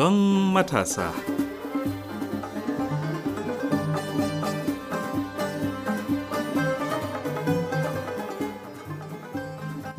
don matasa.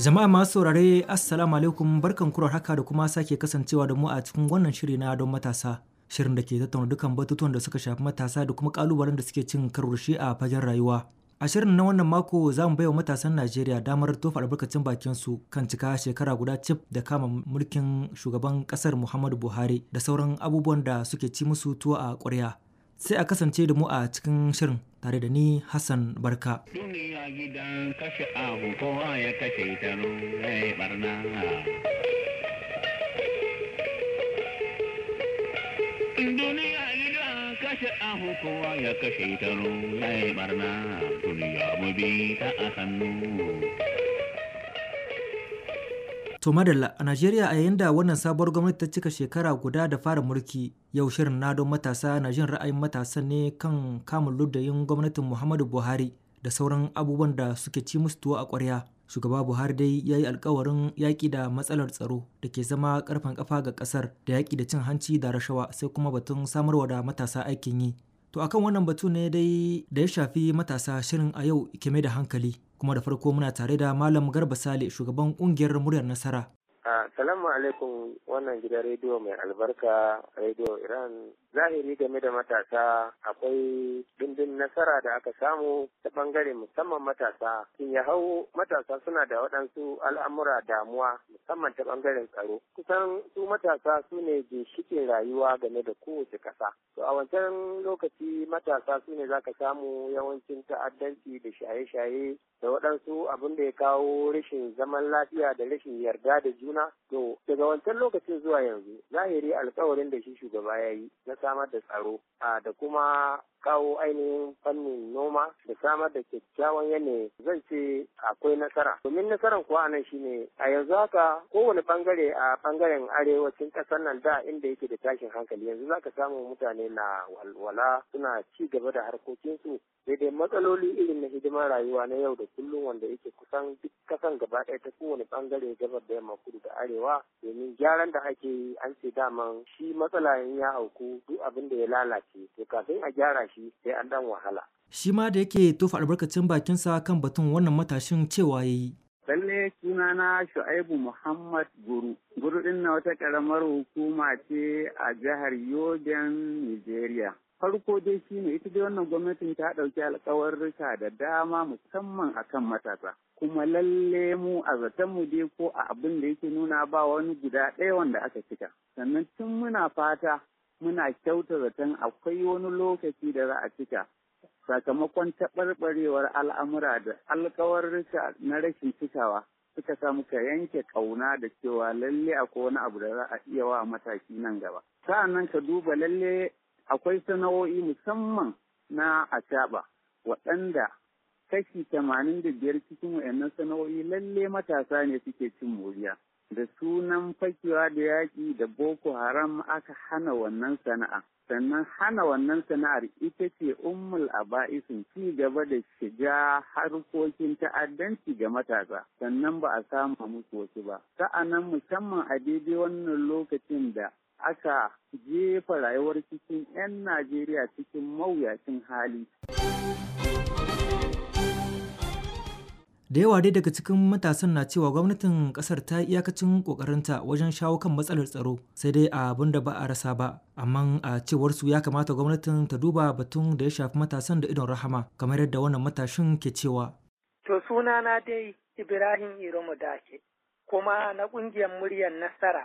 Jama'a masu saurare Assalamu alaikum barkan kurar haka da kuma sake kasancewa da mu a cikin wannan shiri na don matasa. Shirin da ke tattauna dukkan batutuwan da suka shafi matasa da kuma kalubalen da suke cin karo shi a fagen rayuwa. A shirin na wannan mako za mu baiwa matasan Najeriya damar tofa albarkacin bakin su kan cika shekara guda cif da kama mulkin shugaban kasar Muhammadu Buhari da sauran abubuwan da suke ci musu tuwo a ƙwarya. Sai a kasance da mu a cikin shirin tare da ni Hassan Barka. kashe kowa barna duniya mu a To madalla a Najeriya a yayin da wannan sabuwar gwamnati ta cika shekara guda da fara mulki yau shirin nadon matasa na jin ra'ayin matasan ne kan kamun luddayin gwamnatin Muhammadu Buhari da sauran abubuwan da suke ci musu tuwo a ƙwarya. shugaba buhari dai ya yi alkawarin yaƙi da matsalar tsaro da ke zama karfan kafa ga ƙasar da yaƙi da cin hanci da rashawa sai kuma batun samarwa da matasa aikin yi to akan wannan batu ne dai da ya shafi matasa shirin a yau ke mai da hankali kuma da farko muna tare da malam garba sale shugaban kungiyar muryar nasara Salamu alaikum wannan gidan rediyo mai albarka rediyo Iran. Zahiri game da matasa akwai dindin nasara da aka samu ta bangare musamman matasa. Kin ya hau matasa suna da waɗansu al'amura damuwa musamman ta bangaren tsaro. Kusan su matasa su ne ginshikin rayuwa game da kowace ƙasa. To a wancan lokaci matasa su ne zaka samu yawancin ta'addanci da shaye-shaye da waɗansu abin da ya kawo rashin zaman lafiya da rashin yarda da juna. juna to daga wancan lokacin zuwa yanzu zahiri alkawarin da shi shugaba ya yi na samar da tsaro da kuma kawo ainihin fannin noma da samar da kyakkyawan yanayi zan ce akwai nasara domin nasarar kuwa nan shine a yanzu haka kowane bangare a bangaren arewacin ƙasar nan da inda yake da tashin hankali yanzu zaka samu mutane na walwala suna ci gaba da harkokinsu daidai matsaloli irin na hidimar rayuwa na yau da kullum wanda yake kusan duk kasan gaba ɗaya ta kowane bangare gabar da yamma kudu da arewa domin gyaran da ake yi an ce daman shi matsala ya hauku duk abin da ya lalace to kafin a gyara shi sai an dan wahala. Shi ma da yake tofa albarkacin bakinsa kan batun wannan matashin cewa ya yi. Lalle sunana Shu'aibu Muhammad Guru. Guru ɗin na wata ƙaramar hukuma ce a jihar Yogen Nigeria. farko dai shi ne, ita dai wannan gwamnatin ta ɗauki alkawarrika da dama musamman akan matasa kuma lalle mu a mu dai ko a abin da yake nuna ba wani guda ɗaya wanda aka cika sannan tun muna fata muna kyauta zaton akwai wani lokaci da za a cika sakamakon taɓarɓarewar al'amura da alkawarrika na rashin cikawa suka sa muka yanke ƙauna da cewa lalle akwai wani abu da za a iya wa mataki nan gaba. nan ka duba lalle akwai sana'o'i musamman na acaba waɗanda kashi tamanin da biyar cikin wa'annan sana'o'i lalle matasa ne suke cin moriya da sunan fakewa da yaƙi da boko haram aka hana wannan sana'a sannan hana wannan sana'ar ita ce ummul aba'isin ci gaba da shiga harkokin ta'addanci ga matasa sannan ba a samu musu wasu ba sa'anan musamman a daidai wannan lokacin da aka jefa rayuwar cikin 'yan Najeriya cikin mawuyacin hali. Da yawa dai daga cikin matasan na cewa gwamnatin kasar ta yi iyakacin kokarinta wajen shawo kan matsalar tsaro sai dai abin da ba a rasa ba amma a cewarsu ya kamata gwamnatin ta duba batun da ya shafi matasan da idon rahama kamar yadda wannan matashin ke cewa. To suna na dai Ibrahim Iromu Dake kuma na ƙungiyar muryar nasara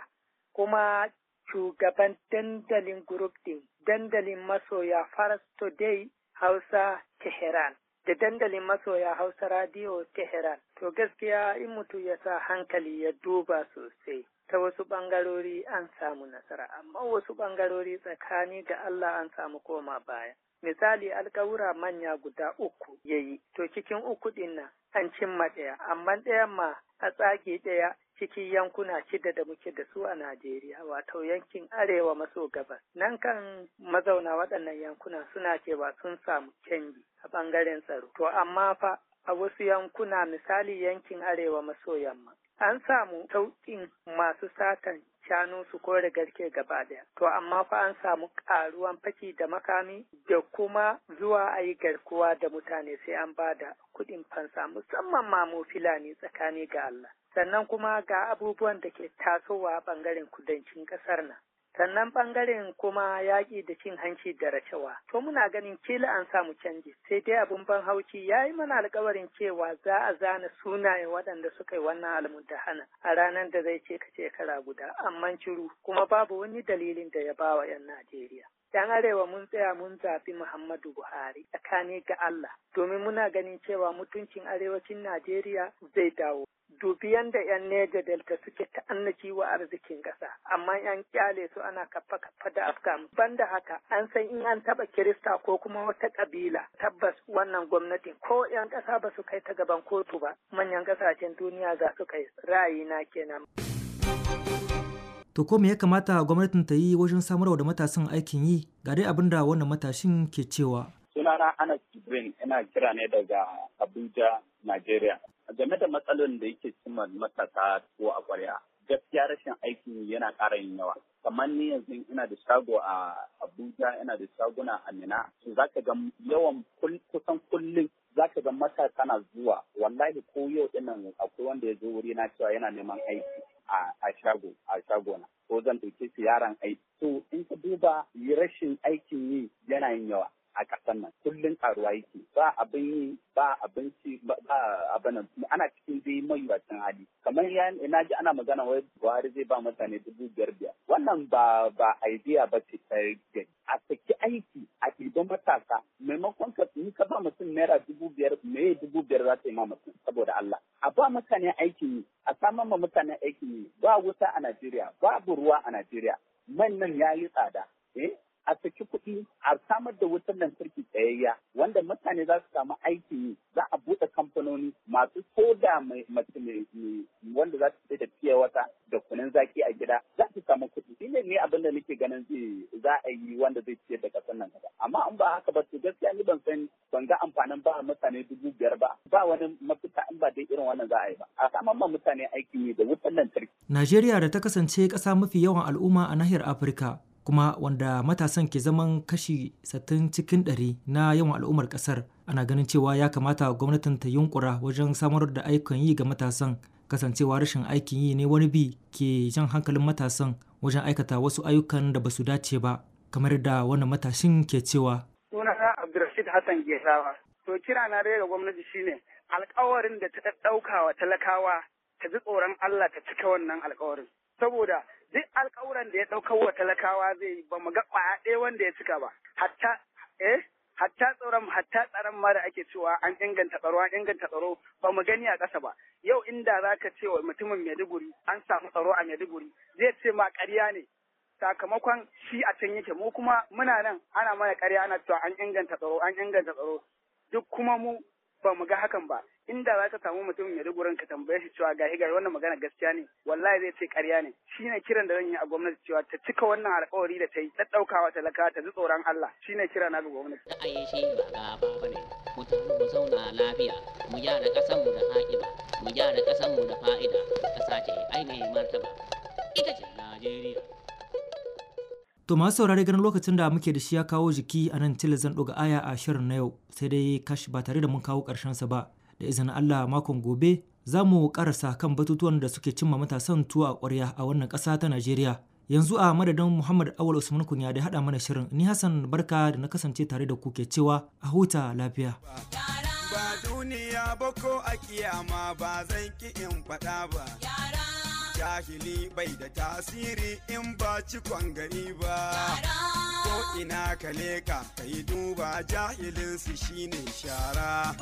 kuma shugaban dandalin group din dandalin masoya Faras Today Hausa Tehran da dandalin masoya Hausa Radio Tehran. To gaskiya in mutu ya sa hankali ya duba sosai. Ta wasu ɓangarori an samu nasara, amma wasu ɓangarori tsakani ga Allah an samu koma baya. Misali alkawura manya guda uku ya yi, to cikin uku ɗin an cimma ɗaya, amma ɗaya ma a tsaki ɗaya cikin yankuna shida da muke da su a Najeriya wato yankin arewa maso gabas. Nan kan mazauna waɗannan yankuna suna cewa sun samu canji a ɓangaren tsaro. To amma fa a wasu yankuna misali yankin arewa maso yamma. An samu sauƙin masu satan shanu su kore garke gaba daya. To amma fa an samu ƙaruwan faki da makami da kuma zuwa a yi garkuwa da mutane sai an ba da kuɗin fansa musamman ma mu filani tsakani ga Allah. sannan kuma ga abubuwan da ke tasowa bangaren ɓangaren kudancin ƙasar nan. sannan ɓangaren kuma yaƙi da cin hanci da rashawa. To muna ganin kila an samu canji sai dai abun ban hauci ya yi mana alkawarin cewa za a zana sunayen waɗanda suka yi wannan almuntahana a ranar da zai ce ka shekara guda amma shiru kuma babu wani dalilin da ya bawa 'yan Najeriya. 'yan arewa mun tsaya mun zafi Muhammadu Buhari tsakani ga Allah domin muna ganin cewa mutuncin arewacin Najeriya zai dawo. Dubi yadda 'yan Neja Delta suke ta'annaci wa arzikin ƙasa, amma 'yan kyale su ana kafa kafa da afgan. Banda haka, an san in an taɓa Kirista ko kuma wata ƙabila, tabbas wannan gwamnatin ko 'yan ƙasa ba su kai ta gaban kotu ba, manyan ƙasashen duniya za su kai ra'ayi kenan. To ko me ya kamata gwamnatin ta yi wajen samarwa da matasan aikin yi ga dai abin da wannan matashin ke cewa. Sunana Anas Jibrin ina kira ne daga Abuja, Najeriya. Game da matsalolin da yake cimma matasa ko a kwarya, gaskiya rashin aikin yana ƙara yin yawa. Kamar ni yanzu ina da shago a Abuja, ina da shaguna a Mina, to za ka ga yawan kusan kullum za ka ga matasa na zuwa, wallahi ko yau ɗinnan akwai wanda ya zo wuri na cewa yana neman aiki. shago a shago na ko zan ɗauke su yaran aiki to in ka duba rashin aikin yi yana yin yawa a ƙasar nan kullum karuwa yake ba abin yi ba abinci ba abin ana cikin dai mayuwacin hali kamar ya ina ji ana magana wai buhari zai ba mutane dubu biyar biyar wannan ba ba idea ba ce a saki aiki a ɗiban matasa maimakon ka ka ba mutum naira dubu biyar me dubu biyar za ta yi ma mutum saboda Allah a ba mutane aikin yi a samar ma mutane aikin yi ba wuta a Najeriya babu ruwa a Najeriya man nan ya yi tsada eh a saki kuɗi a samar da wutar lantarki tsayayya wanda mutane za su samu aikin yi za a buɗe kamfanoni masu koda mai mace wanda za su da fiye wata da kunin zaki a gida za su samu kuɗi shi ne abin da nake ganin zai za a yi wanda zai ciyar da ƙasar nan gaba amma in ba haka ba to gaskiya ni ban san nan ba mutane dubu biyar ba ba wani mafita in ba dai irin wannan za a yi ba a saman ma mutane aikin yi da wutan lantarki. Najeriya da ta kasance ƙasa mafi yawan al'umma a nahiyar Afirka kuma wanda matasan ke zaman kashi 60 cikin ɗari na yawan al'ummar ƙasar ana ganin cewa ya kamata gwamnatin ta yunkura wajen samar da aikin yi ga matasan kasancewa rashin aikin yi ne wani bi ke jan hankalin matasan wajen aikata wasu ayyukan da ba su dace ba kamar da wannan matashin ke cewa sunana abdulrashid hassan gesawa To kira na dai ga gwamnati shine alkawarin da ta ɗauka wa talakawa ta ji tsoron Allah ta cika wannan alkawarin. Saboda duk alkawuran da ya ɗauka wa talakawa zai yi ba mu ga ƙwaya ɗaya wanda ya cika ba. Hatta eh hatta tsaron hatta tsaron ma da ake cewa an inganta tsaro an inganta tsaro ba mu gani a ƙasa ba yau inda za ka ce wa mutumin Maiduguri an samu tsaro a Maiduguri zai ce ma ƙarya ne sakamakon shi a can yake mu kuma muna nan ana mana ƙarya ana cewa an inganta tsaro an inganta tsaro duk kuma mu ba mu ga hakan ba inda za ka samu mutum ya ruguran ka tambaye shi cewa gahi gari wannan magana gaskiya ne wallahi zai ce karya ne shine kiran da zan yi a gwamnati cewa ta cika wannan alƙawari da ta yi ta ɗaukawa talaka ta ji tsoron Allah shine kira na ga gwamnati. ayi shi ba gaba ba ne mu mu zauna lafiya mu gyara ƙasar mu da haƙiba mu gyara ƙasar mu da fa'ida ƙasa ce ainihin martaba ita ce Najeriya. To masu saurare ganin lokacin da muke da shi ya kawo jiki a nan zan ɗoga aya a shirin na yau sai dai kash ba tare da mun kawo sa ba da izinin Allah makon gobe za mu ƙarasa kan batutuwan da suke cimma matasan tuwo a ƙwarya a wannan ƙasa ta Najeriya. Yanzu a madadin Muhammad Awal Usman Kunya da haɗa mana shirin ni Hassan Barka da na kasance tare da ku ke cewa a huta lafiya. Ba duniya ba ko a kiyama ba zan ki in faɗa ba. jahili bai da tasiri in ba cikon gari ba ko ina ka ka yi duba jahilin su shine shara